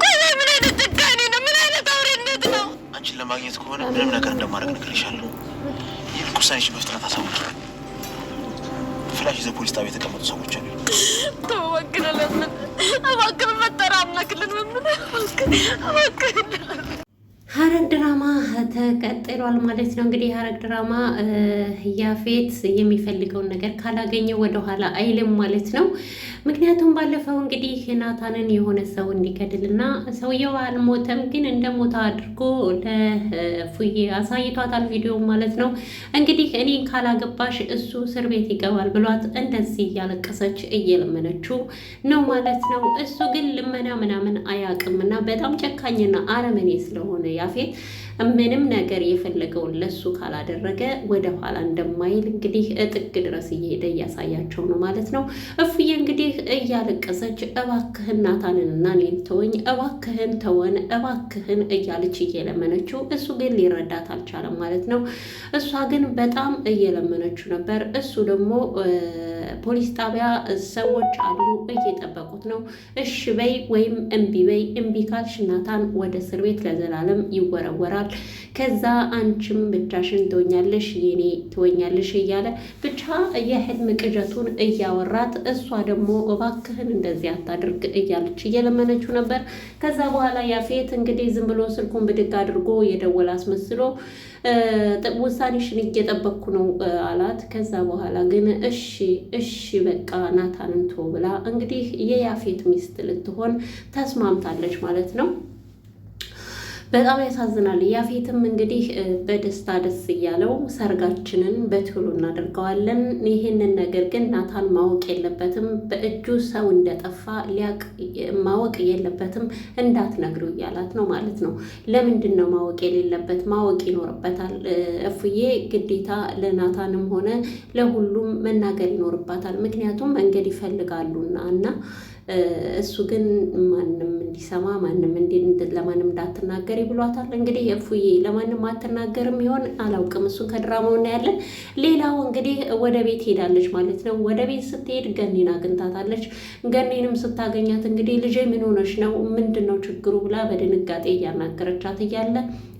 ቆይ ምን አይነት ጭካኔ ነው? ምን አይነት አውሬነት ነው? አንቺን ለማግኘት ከሆነ ምንም ነገር እንደማድረግ እነግርሻለሁ። ይልቅ ውሳኔሽን በፍጥነት አሳውቂ። ፍላሽ ይዘህ ፖሊስ ጣቢያ የተቀመጡ ሰዎች አሉ። ተወክለለምን እባክህ፣ በፈጠረ አምላክልን ምን እባክህ፣ እባክህ ሀረግ ድራማ ተቀጥሏል ማለት ነው። እንግዲህ ሐረግ ድራማ ያፌት የሚፈልገውን ነገር ካላገኘ ወደኋላ አይልም ማለት ነው። ምክንያቱም ባለፈው እንግዲህ ናታንን የሆነ ሰው እንዲገድልና ሰውየው አልሞተም፣ ግን እንደ ሞታ አድርጎ ለፉዬ አሳይቷታል ቪዲዮ ማለት ነው። እንግዲህ እኔን ካላገባሽ እሱ እስር ቤት ይገባል ብሏት እንደዚህ እያለቀሰች እየለመነችው ነው ማለት ነው። እሱ ግን ልመና ምናምን አያውቅምና በጣም ጨካኝና አረመኔ ስለሆነ ha fet ምንም ነገር የፈለገውን ለሱ ካላደረገ ወደኋላ እንደማይል እንግዲህ ጥግ ድረስ እየሄደ እያሳያቸው ነው ማለት ነው። እፉዬ እንግዲህ እያለቀሰች እባክህን ናታንንና እኔን ተወኝ፣ እባክህን ተወን፣ እባክህን እያለች እየለመነችው፣ እሱ ግን ሊረዳት አልቻለም ማለት ነው። እሷ ግን በጣም እየለመነችው ነበር። እሱ ደግሞ ፖሊስ ጣቢያ ሰዎች አሉ እየጠበቁት ነው። እሽ በይ ወይም እምቢ በይ፣ እምቢ ካልሽ ናታን ወደ እስር ቤት ለዘላለም ይወረወራል ይኖራል። ከዛ አንቺም ብቻሽን ትወኛለሽ፣ የኔ ትወኛለሽ እያለ ብቻ የህልም ቅዠቱን እያወራት እሷ ደግሞ እባክህን እንደዚህ አታድርግ እያለች እየለመነችው ነበር። ከዛ በኋላ ያፌት እንግዲህ ዝም ብሎ ስልኩን ብድግ አድርጎ የደወል አስመስሎ ውሳኔሽን እየጠበቅኩ ነው አላት። ከዛ በኋላ ግን እሺ እሺ በቃ ናታንንቶ ብላ እንግዲህ የያፌት ሚስት ልትሆን ተስማምታለች ማለት ነው። በጣም ያሳዝናል። ያፌትም እንግዲህ በደስታ ደስ እያለው ሰርጋችንን በትሉ እናደርገዋለን። ይህንን ነገር ግን ናታን ማወቅ የለበትም፣ በእጁ ሰው እንደጠፋ ሊያቅ ማወቅ የለበትም፣ እንዳትነግሩ እያላት ነው ማለት ነው። ለምንድን ነው ማወቅ የሌለበት? ማወቅ ይኖርበታል። እፉዬ ግዴታ ለናታንም ሆነ ለሁሉም መናገር ይኖርባታል። ምክንያቱም መንገድ ይፈልጋሉና እና እሱ ግን ማንም እንዲሰማ ማንም ለማንም እንዳትናገሪ ብሏታል። እንግዲህ እፉዬ ለማንም አትናገርም ይሆን አላውቅም። እሱን ከድራማው እናያለን። ሌላው እንግዲህ ወደ ቤት ሄዳለች ማለት ነው። ወደ ቤት ስትሄድ ገኔን አግኝታታለች። ገኔንም ስታገኛት እንግዲህ ልጄ ምን ሆነሽ ነው? ምንድን ነው ችግሩ? ብላ በድንጋጤ እያናገረቻት እያለ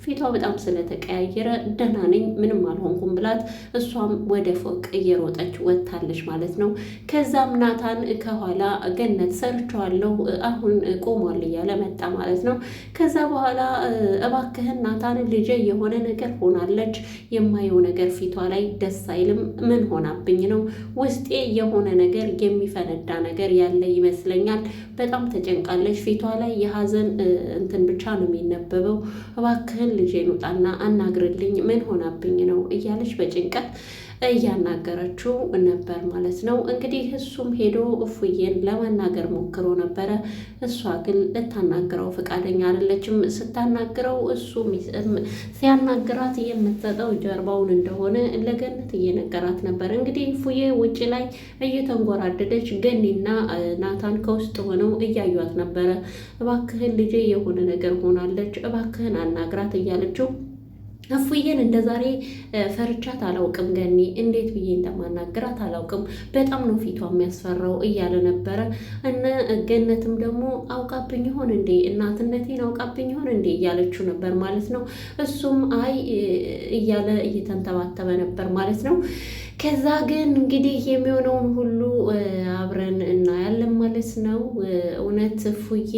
ፊቷ በጣም ስለተቀያየረ ደህና ነኝ ምንም አልሆንኩም ብላት እሷም ወደ ፎቅ እየሮጠች ወጥታለች ማለት ነው። ከዛም ናታን ከኋላ ገነት ሰርቸዋለሁ አሁን ቆሟል እያለ መጣ ማለት ነው። ከዛ በኋላ እባክህን ናታን ልጄ የሆነ ነገር ሆናለች፣ የማየው ነገር ፊቷ ላይ ደስ አይልም። ምን ሆናብኝ ነው? ውስጤ የሆነ ነገር የሚፈነዳ ነገር ያለ ይመስለኛል በጣም ተጨንቃለች። ፊቷ ላይ የሀዘን እንትን ብቻ ነው የሚነበበው። እባክህን ልጄን ውጣና አናግርልኝ፣ ምን ሆናብኝ ነው እያለች በጭንቀት እያናገረችው ነበር ማለት ነው። እንግዲህ እሱም ሄዶ እፉዬን ለመናገር ሞክሮ ነበረ። እሷ ግን ልታናግረው ፈቃደኛ አይደለችም። ስታናግረው እሱ ሲያናግራት የምትሰጠው ጀርባውን እንደሆነ ለገነት እየነገራት ነበር። እንግዲህ እፉዬ ውጭ ላይ እየተንጎራደደች ገኒና ናታን ከውስጥ ሆነው ነው እያዩት ነበረ። እባክህን ልጄ የሆነ ነገር ሆናለች፣ እባክህን አናግራት እያለችው እፉዬን እንደ ዛሬ ፈርቻት አላውቅም። ገኒ እንዴት ብዬ እንደማናገራት አላውቅም። በጣም ነው ፊቷ የሚያስፈራው እያለ ነበረ። እነ ገነትም ደግሞ አውቃብኝ ይሆን እንዴ እናትነቴን አውቃብኝ ይሆን እንዴ እያለችው ነበር ማለት ነው። እሱም አይ እያለ እየተንተባተበ ነበር ማለት ነው። ከዛ ግን እንግዲህ የሚሆነውን ሁሉ አብረን እናያለን ማለት ነው። እውነት እፉዬ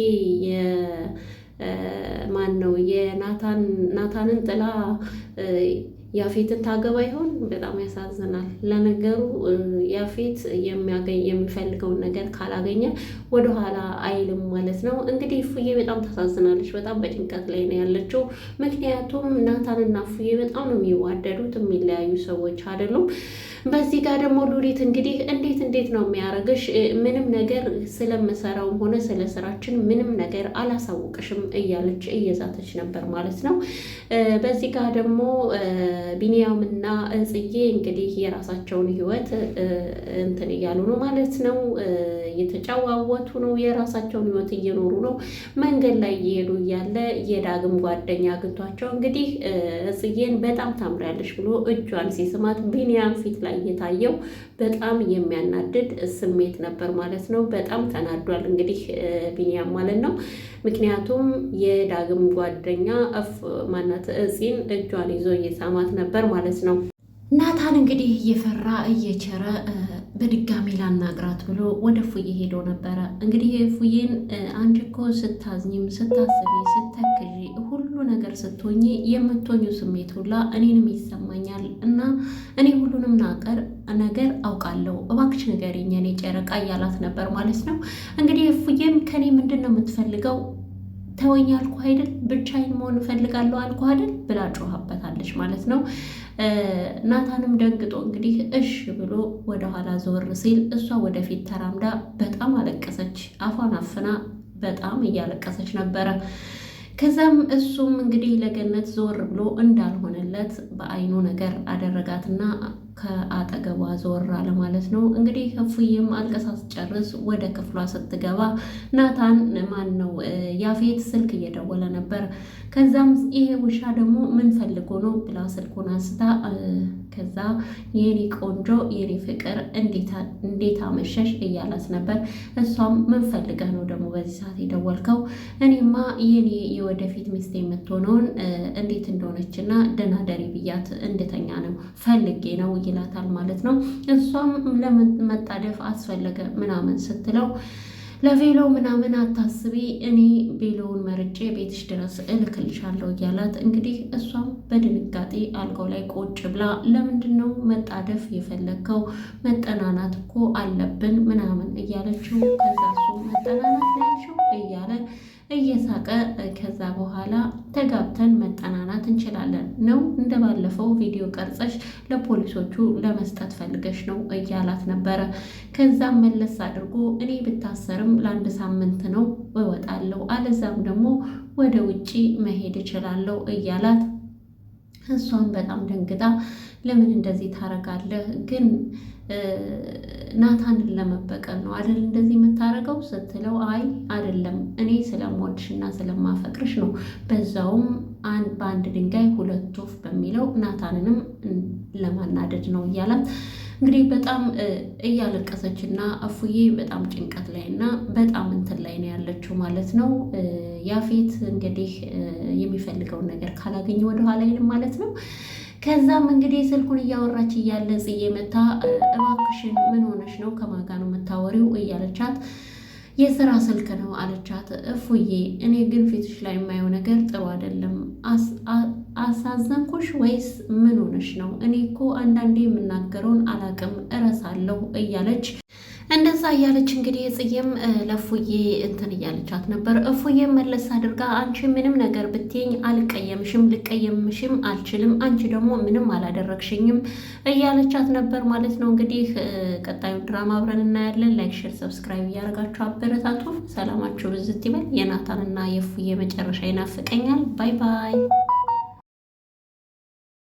ማን ነው የናታንን ጥላ ያፌትን ታገባ ይሆን? በጣም ያሳዝናል። ለነገሩ ያፌት የሚያገኝ የሚፈልገውን ነገር ካላገኘ ወደኋላ አይልም ማለት ነው። እንግዲህ ፉዬ በጣም ታሳዝናለች። በጣም በጭንቀት ላይ ነው ያለችው። ምክንያቱም ናታንና ፉዬ በጣም ነው የሚዋደዱት፣ የሚለያዩ ሰዎች አይደሉም። በዚህ ጋር ደግሞ ሉሊት እንግዲህ እንዴት እንዴት ነው የሚያደርግሽ? ምንም ነገር ስለምሰራውም ሆነ ስለ ስራችን ምንም ነገር አላሳውቅሽም እያለች እየዛተች ነበር ማለት ነው። በዚህ ጋር ደግሞ ና ጽጌ እንግዲህ የራሳቸውን ህይወት እንትን እያሉ ነው ማለት ነው። እየተጨዋወቱ ነው፣ የራሳቸውን ህይወት እየኖሩ ነው። መንገድ ላይ እየሄዱ እያለ የዳግም ጓደኛ ግቷቸው እንግዲህ እጽዬን በጣም ታምሪያለሽ ብሎ እጇን ሲስማት ቢኒያም ፊት ላይ እየታየው በጣም የሚያናድድ ስሜት ነበር ማለት ነው። በጣም ተናዷል እንግዲህ ቢኒያም ማለት ነው። ምክንያቱም የዳግም ጓደኛ እፍ ማናት እጺን እጇን ይዞ እየሳማት ነበር ማለት ነው። ናታን እንግዲህ እየፈራ እየቸረ በድጋሚ ላናግራት ብሎ ወደ ፉዬ ሄዶ ነበረ። እንግዲህ ፉዬን አንቺ እኮ ስታዝኝም ስታስቢ ስተክዢ ሁሉ ነገር ስትሆኝ የምትሆኙ ስሜት ሁላ እኔንም ይሰማኛል እና እኔ ሁሉንም ናቀር ነገር አውቃለሁ እባክሽ ንገሪኝ እኔ ጨረቃ እያላት ነበር ማለት ነው። እንግዲህ ፉዬም ከኔ ምንድን ነው የምትፈልገው ተወኝ አልኩህ አይደል ብቻዬን መሆን እፈልጋለሁ አልኩ አይደል ብላ ጮኸበታለች ማለት ነው። ናታንም ደንግጦ እንግዲህ እሽ ብሎ ወደኋላ ዞር ሲል እሷ ወደፊት ተራምዳ በጣም አለቀሰች። አፏን አፍና በጣም እያለቀሰች ነበረ። ከዛም እሱም እንግዲህ ለገነት ዞር ብሎ እንዳልሆነለት በአይኑ ነገር አደረጋትና ከአጠገቧ ዞር አለ ማለት ነው። እንግዲህ እፉዬም አልቅሳ ስጨርስ ወደ ክፍሏ ስትገባ ናታን ማን ነው ያፌት ስልክ እየደወለ ነበር። ከዛም ይሄ ውሻ ደግሞ ምን ፈልጎ ነው ብላ ስልኩን አንስታ ከዛ የኔ ቆንጆ የኔ ፍቅር እንዴት አመሸሽ እያላት ነበር። እሷም ምን ፈልገህ ነው ደግሞ በዚህ ሰዓት የደወልከው? እኔማ የኔ የወደፊት ሚስት የምትሆነውን እንዴት እንደሆነችና ደናደሪ ብያት እንድተኛ ነው ፈልጌ ነው ይላታል ማለት ነው። እሷም ለምን መጣደፍ አስፈለገ ምናምን ስትለው ለቬሎ ምናምን አታስቢ፣ እኔ ቬሎውን መርጬ ቤትሽ ድረስ እልክልሻለሁ እያላት እንግዲህ እሷም በድንጋጤ አልጋው ላይ ቆጭ ብላ ለምንድን ነው መጣደፍ የፈለግከው? መጠናናት እኮ አለብን ምናምን እያለችው ከዛ እሱ መጠናናት ናቸው እያለ እየሳቀ ከዛ በኋላ ተጋብተን መጠናናት እንችላለን ነው እንደ ባለፈው ቪዲዮ ቀርጸሽ ለፖሊሶቹ ለመስጠት ፈልገሽ ነው እያላት ነበረ። ከዛም መለስ አድርጎ እኔ ብታሰርም ለአንድ ሳምንት ነው እወጣለሁ፣ አለዛም ደግሞ ወደ ውጪ መሄድ እችላለሁ እያላት እሷን በጣም ደንግጣ ለምን እንደዚህ ታረጋለህ ግን ናታንን ለመበቀል ነው አደል እንደዚህ የምታደርገው ስትለው፣ አይ አደለም፣ እኔ እና ስለማፈቅርሽ ነው። በዛውም በአንድ ድንጋይ ሁለት ወፍ በሚለው ናታንንም ለማናደድ ነው እያለም እንግዲህ በጣም እያለቀሰች እና እፉዬ በጣም ጭንቀት ላይ እና በጣም እንትን ላይ ነው ያለችው ማለት ነው። ያፌት እንግዲህ የሚፈልገውን ነገር ካላገኘ ወደኋላ ማለት ነው። ከዛም እንግዲህ ስልኩን እያወራች እያለ ጽዬ መታ እባክሽን ምን ሆነሽ ነው ከማጋ ነው የምታወሪው እያለቻት የስራ ስልክ ነው አለቻት። እፉዬ እኔ ግን ፊትሽ ላይ የማየው ነገር ጥሩ አይደለም። አሳዘንኩሽ ወይስ ምን ሆነሽ ነው? እኔ እኮ አንዳንዴ የምናገረውን አላቅም እረሳለሁ እያለች እንደዛ እያለች እንግዲህ ጽዬም ለእፉዬ እንትን እያለቻት ነበር። እፉዬ መለስ አድርጋ አንቺ ምንም ነገር ብትኝ አልቀየምሽም፣ ልቀየምሽም አልችልም፣ አንቺ ደግሞ ምንም አላደረግሽኝም እያለቻት ነበር ማለት ነው። እንግዲህ ቀጣዩ ድራማ አብረን እናያለን። ላይክ፣ ሼር፣ ሰብስክራይብ እያደረጋችሁ አበረታቱ። ሰላማችሁ ብዝት ይበል። የናታንና የእፉዬ መጨረሻ ይናፍቀኛል። ባይ ባይ